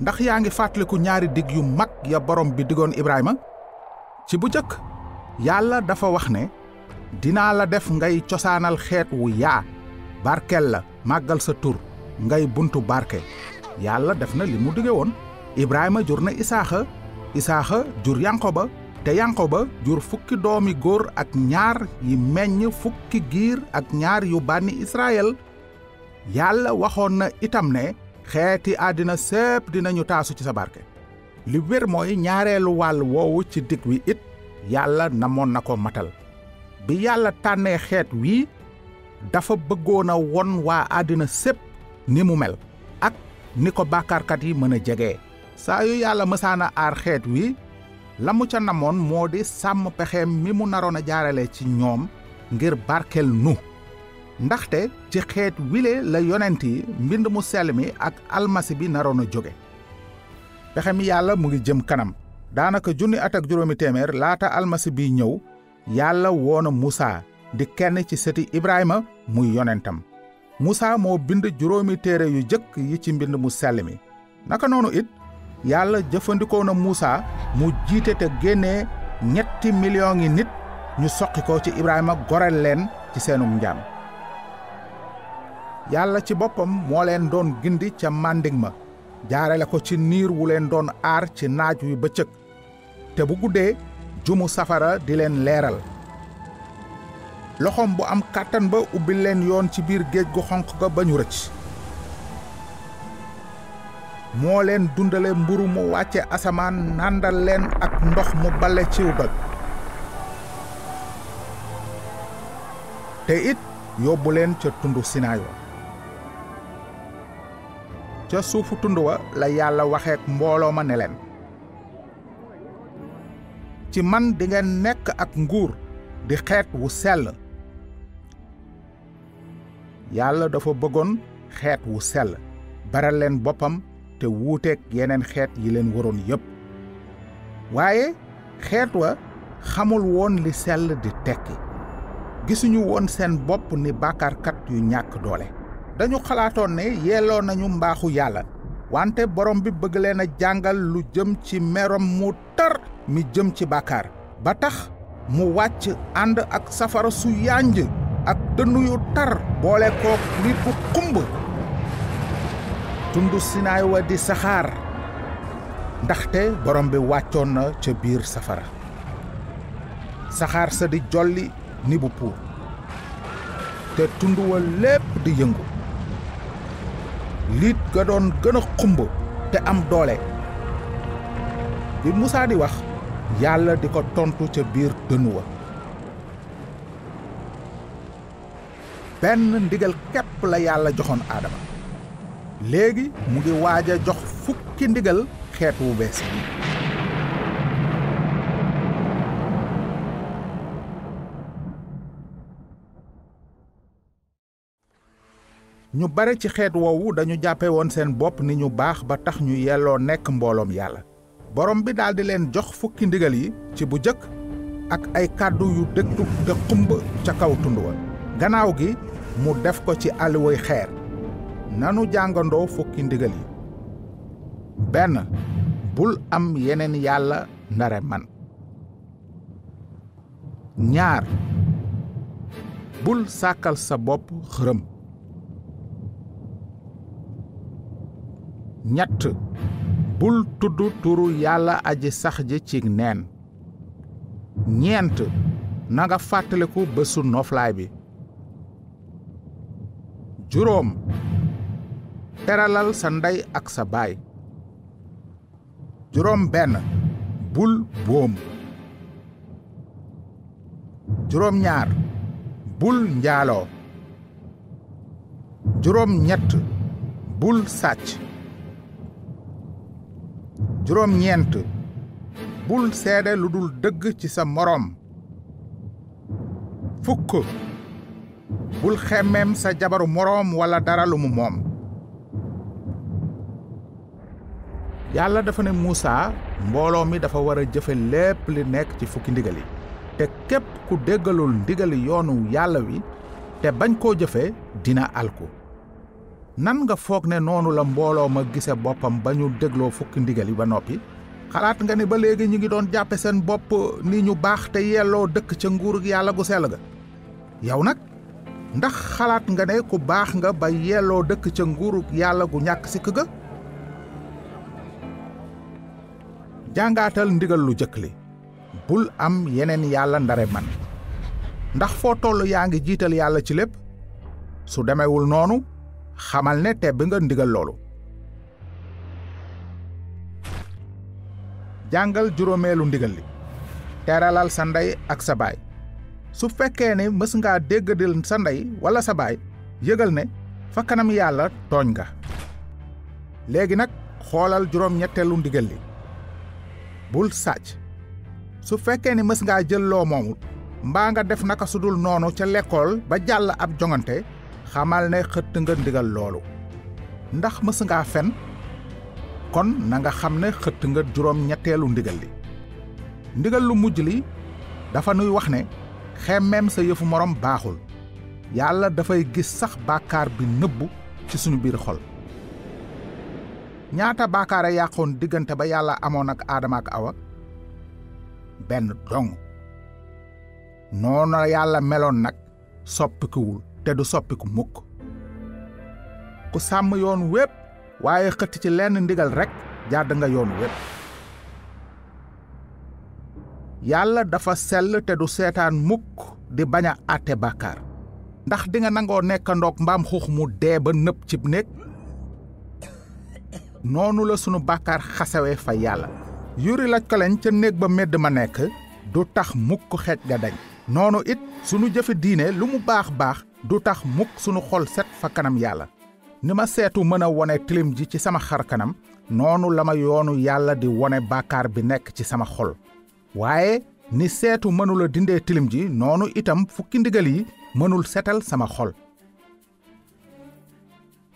ndax yaa ngi fàttaliku ñaari dig yu mag ya borom bi digoon Ibrahima ci bu jëkk yàlla dafa wax ne dinaa la def ngay cosaanal xeet wu yaa barkel la màggal sa tur ngay buntu barke yàlla def na li mu dige woon Ibrahima jur na Isaaxa Isaaxa jur ba te ba jur fukki doomi góor ak ñaar yi meññ fukki giir ak ñaar yu bànni Israyel yàlla waxoon na itam ne xeeti àddina sépp dinañu taasu ci sa barke li wér mooy ñaareelu wàll woowu ci dig wi it yàlla namoon na ko matal bi yàlla tànnee xeet wii dafa bëggoona a won waa àddina sépp ni mu mel ak ni ko bàkkaarkat yi mën a jege saa yu yàlla mësaana aar xeet wi la mu ca namoon moo di sàmm pexeem mi mu naroon a jaarale ci ñoom ngir barkel nu ndaxte ci xeet wile la yonent yi mbind mu sell mi ak almasi bi naroon a jóge pexem yàlla mu ngi jëm kanam daanaka junni at ak juróomi téeméer laata almasi bi ñëw yàlla woona Musaa di kenn ci sëti Ibrahima muy yonentam Musaa moo bind juróomi téere yu jëkk yi ci mbind mu sell mi naka noonu it yàlla jëfandikoo na Musaa mu jiite te génnee ñetti millions yi nit ñu soqi ko ci Ibrahima goreel leen ci seenum njaam yàlla ci boppam moo leen doon gindi ca màndig ma jaarale ko ci niir wu leen doon aar ci naaj wi bëccëg te bu guddee jumu safara di leen leeral loxoom bu am kàttan ba ubbi leen yoon ci biir géej gu xonq ga ba ñu rëcc moo leen dundale mburu mu wàcce asamaan nàndal leen ak ndox mu bale ciw doj te it yóbbu leen ca tundu sinaay wa ca suufu tund wa la yàlla waxee mbooloo ma ne leen ci man di nekk ak nguur di xeet wu sell yàlla dafa bëggoon xeet wu sell baral leen boppam te wuuteeg yeneen xeet yi leen waroon yépp waaye xeet wa xamul woon li sell di tekki gisuñu woon seen bopp ni bàkkaarkat yu ñàkk doole dañu xalaatoon ne yelloo nañu mbaaxu yàlla wante borom bi bëgg leen jàngal lu jëm ci merom mu tar mi jëm ci bàkkaar ba tax mu wàcc ànd ak safara su yànj ak dënnu yu tar boole ko nit bu xumb tund sinaay wa di saxaar ndaxte borom bi wàccoon na ca biir safara saxaar sa di jolli ni bu puur te tund wa lépp di yëngu liit ga doon gën a te am doole bi Moussa di wax yàlla di ko tontu ca biir dënn wa benn ndigal képp la yàlla joxoon aadama léegi mu ngi waaj a jox fukki ndigal xeet wu bees ñu bare ci xeet woowu dañu jàppe woon seen bopp ni ñu baax ba tax ñu yelloo nekk mbooloom yàlla borom bi daldi leen jox fukki ndigal yi ci bu jëkk ak ay kàddu yu dëgtu te xumb ca kaw tund wa gannaaw gi mu def ko ci àlluway xeer nanu jàngandoo fukki ndigal yi benn bul am yeneen yàlla ndare man ñaar bul sàkkal sa bopp xërëm ñett bul tudd turu yàlla aji sax ji ci neen ñeent nanga fàttaliku bésu noflaay bi juróom teralal sa ndey ak sa baay juróom benn bul boom juróom ñaar bul njaaloo juróom ñett bul sàcc juróom ñeent bul seede lu dul dëgg ci sa moroom fukk bul xemmeem sa jabaru moroom walla dara lu mu moom yàlla dafa ne Muusaa mbooloo mi dafa war a jëfe lépp li nekk ci fukki ndigal yi te képp ku déggalul ndigali yoonu yàlla wi te bañ koo jëfe dina alku nan nga foog ne noonu la mbooloo ma gise boppam ba ñu dégloo fukki ndigal yi ba noppi xalaat nga ne ba léegi ñu ngi doon jàppe seen bopp ni ñu baax te yelloo dëkk ca nguur yàlla gu sell ga yow nag ndax xalaat nga ne ku baax nga ba yelloo dëkk ca nguur yàlla gu ñàkk sikk ga jàngaatal ndigal lu jëkk li bul am yeneen yàlla ndare man ndax foo toll yaa ngi jiital yàlla ci lépp su demewul noonu xamal ne tebb nga ndigal loolu jàngal juróomeelu ndigal li teeralal sa ndey ak sa baay su fekkee ne mës ngaa déggadil sa ndey walla sa baay yëgal ne fa kanam yàlla tooñ nga léegi nag xoolal juróom-ñetteelu ndigal li bul sàcc su fekkee ne mës ngaa jël loo moomul mbaa nga def naka sudul noonu ca lekkool ba jàll ab joŋante xamal ne xëtt nga ndigal loolu ndax mës ngaa fen kon na nga xam ne xëtt nga juróom ñetteelu ndigal li ndigal lu mujj li dafa nuy wax ne xemmeem sa yëfu moroom baaxul yàlla dafay gis sax bàkkaar bi nëbbu ci suñu biir xol ñaata bàkkaar yàqoon diggante ba yàlla amoon ak aadamaak awak awa benn dong noonu yàlla meloon nag soppikuwul te du soppiku mukk ku sàmm yoon wépp waaye xëtt ci lenn ndigal rekk jàdd nga yoon wépp yàlla dafa sell te du seetaan mukk di bañ a àtte bàkkaar ndax dinga nga nangoo nekkandoog mbaam xuux mu dee ba nëpp cib néeg noonu la sunu bàkkaar xasawe fa yàlla yuri la ko ca néeg ba medd ma nekk du tax mukk xeej ga dañ noonu it sunu jëfe diine lu mu baax baax du tax mukk sunu xol set fa kanam yàlla ni ma seetu mën a wone tilim ji ci sama xar kanam noonu la ma yoonu yàlla di wone bàkkaar bi nekk ci sama xol waaye ni seetu mënula dinde tilim ji noonu itam fukki ndigal yi mënul setal sama xol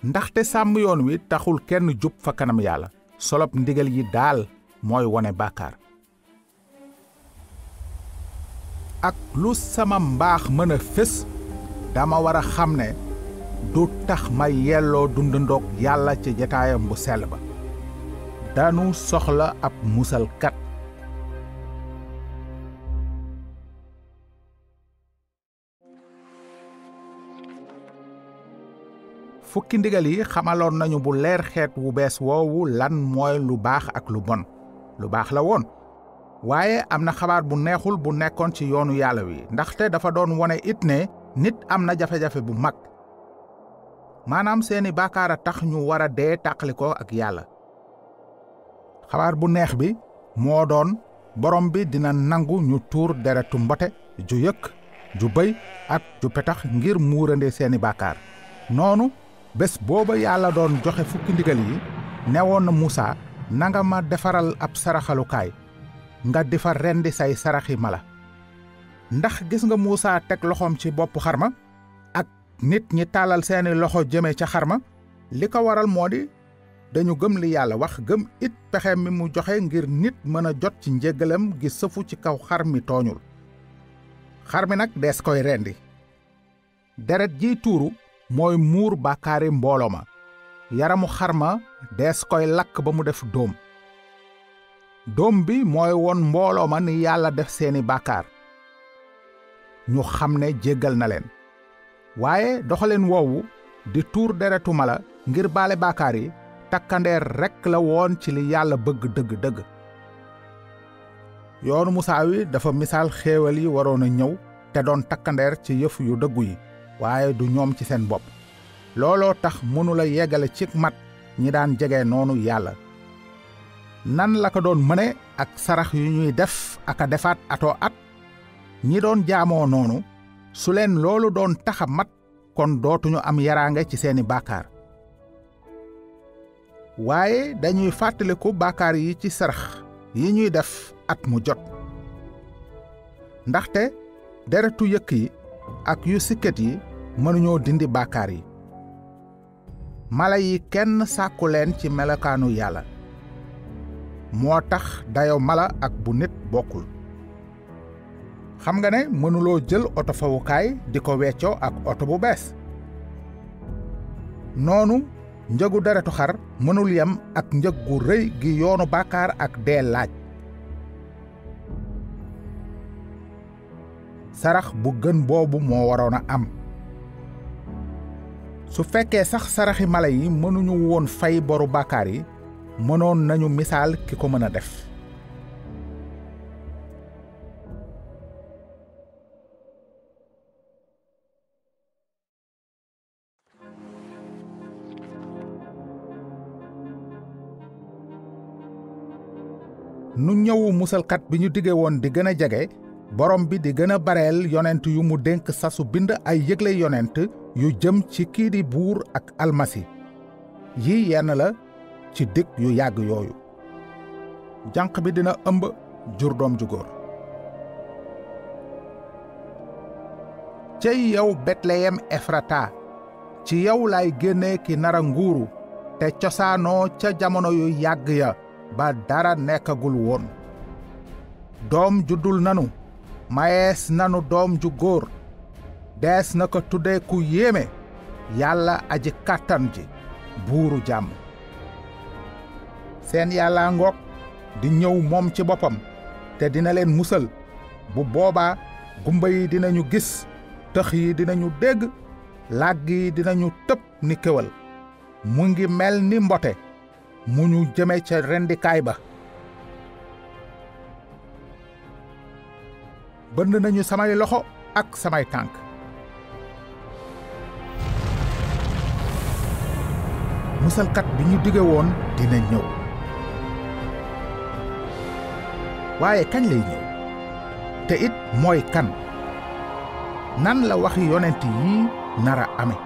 ndaxte sàmm yoon wi taxul kenn jub fa kanam yàlla solob ndigal yi daal mooy wone bàkkaar sama mbaax mën a fés dama war a xam ne du tax ma yelloo dund ndoog yàlla ci jataayam bu sell ba danu soxla ab musalkat fukki ndigal yi xamaloon nañu bu leer xeet wu bees woowu lan mooy lu baax ak lu bon lu baax la woon waaye am na xabaar bu bu nekkoon ci yoonu yàlla wi nit am na jafe-jafe bu mag maanaam seeni baakaar a tax ñu war a dee tàqali ko ak yàlla xabaar bu neex bi moo doon borom bi dina nangu ñu tuur deretu mbote ju yëkk ju bëy ak ju petax ngir muurande seeni baakaar noonu bés booba yàlla doon joxe fukki ndigal yi newoon na Muusaa nanga ma defaral ab saraxalukaay nga di fa rendi say saraxi mala ndax gis nga Moussa teg loxoom ci bopp xarma ak nit ñi taalal seeni loxo jëme ca xar ma li ko waral moo di dañu gëm li yàlla wax gëm it pexe mi mu joxe ngir nit mën a jot ci njégalam gi sëfu ci kaw xar mi tooñul xar mi nag dees koy rendi deret jiy tuuru mooy muur bàkkaari mbooloo ma yaramu xarma dees koy lakk ba mu def dóom dóom bi mooy won mbooloo ma ni yàlla def seeni bàkkaar ñu xam ne jéggal na leen waaye doxaleen woowu di tuur deretuma la ngir baale baakaar yi takkandeer rekk la woon ci li yàlla bëgg dëgg-dëgg yoonu musaa wi dafa misaal xéewal yi waroon a ñëw te doon takkandeer ci yëf yu dëggu yi waaye du ñoom ci seen bopp looloo tax mënula yeggale ci mat ñi daan jege noonu yàlla nan la ko doon mëne ak sarax yu ñuy def ak a defaat atoo at ñi doon jaamoo noonu su leen loolu doon taxa mat kon dootuñu am yaraange ci seeni bàkkaar waaye dañuy fàttaliku bàkkaar yi ci sarax yi ñuy def at mu jot ndaxte deretu yëkk yi ak yu sikket yi mënuñoo dindi bàkkaar yi mala yi kenn sàkku leen ci melokaanu yàlla moo tax dayo mala ak bu nit bokkul xam nga ne mënuloo jël oto fawukaay di ko weccoo ak oto bu bees noonu njëgu deretu xar mënul yam ak njëg gu rëy gi yoonu bàkkaar ak dee laaj sarax bu gën boobu moo waroon a am su fekkee sax saraxi mala yi mënuñu woon fay boru bàkkaar yi mënoon nañu misaal ki ko mën a def nu ñëwu musalkat bi ñu dige woon di gën a jege borom bi di gën a bareel yonent yu mu dénk sasu bind ay yëgle yonent yu jëm ci kii di buur ak almasi yii yenn la ci dig yu yàgg yooyu jànq bi dina ëmb jur doom ju góor cey yow betleyem efrata ci yow lay génne ki nara nguuru te cosaanoo ca jamono yu yàgg ya ba dara nekkagul woon doom juddul nanu mayees nanu doom ju góor dees na ko tudde ku yéeme yàlla aji kàttan ji buuru jàmm seen yàlla ngoog di ñëw moom ci boppam te dina leen musal bu booba gumba yi dinañu gis tëx yi dinañu dégg làgg yi dinañu tëb ni kéwal mu ngi mel ni mbote mu ñu jëme ca rendikaay ba bënn nañu samay loxo ak samay tànk musalkat bi ñu dige woon dina ñëw waaye kañ lay ñëw te it mooy kan nan la waxi yonent yi nara ame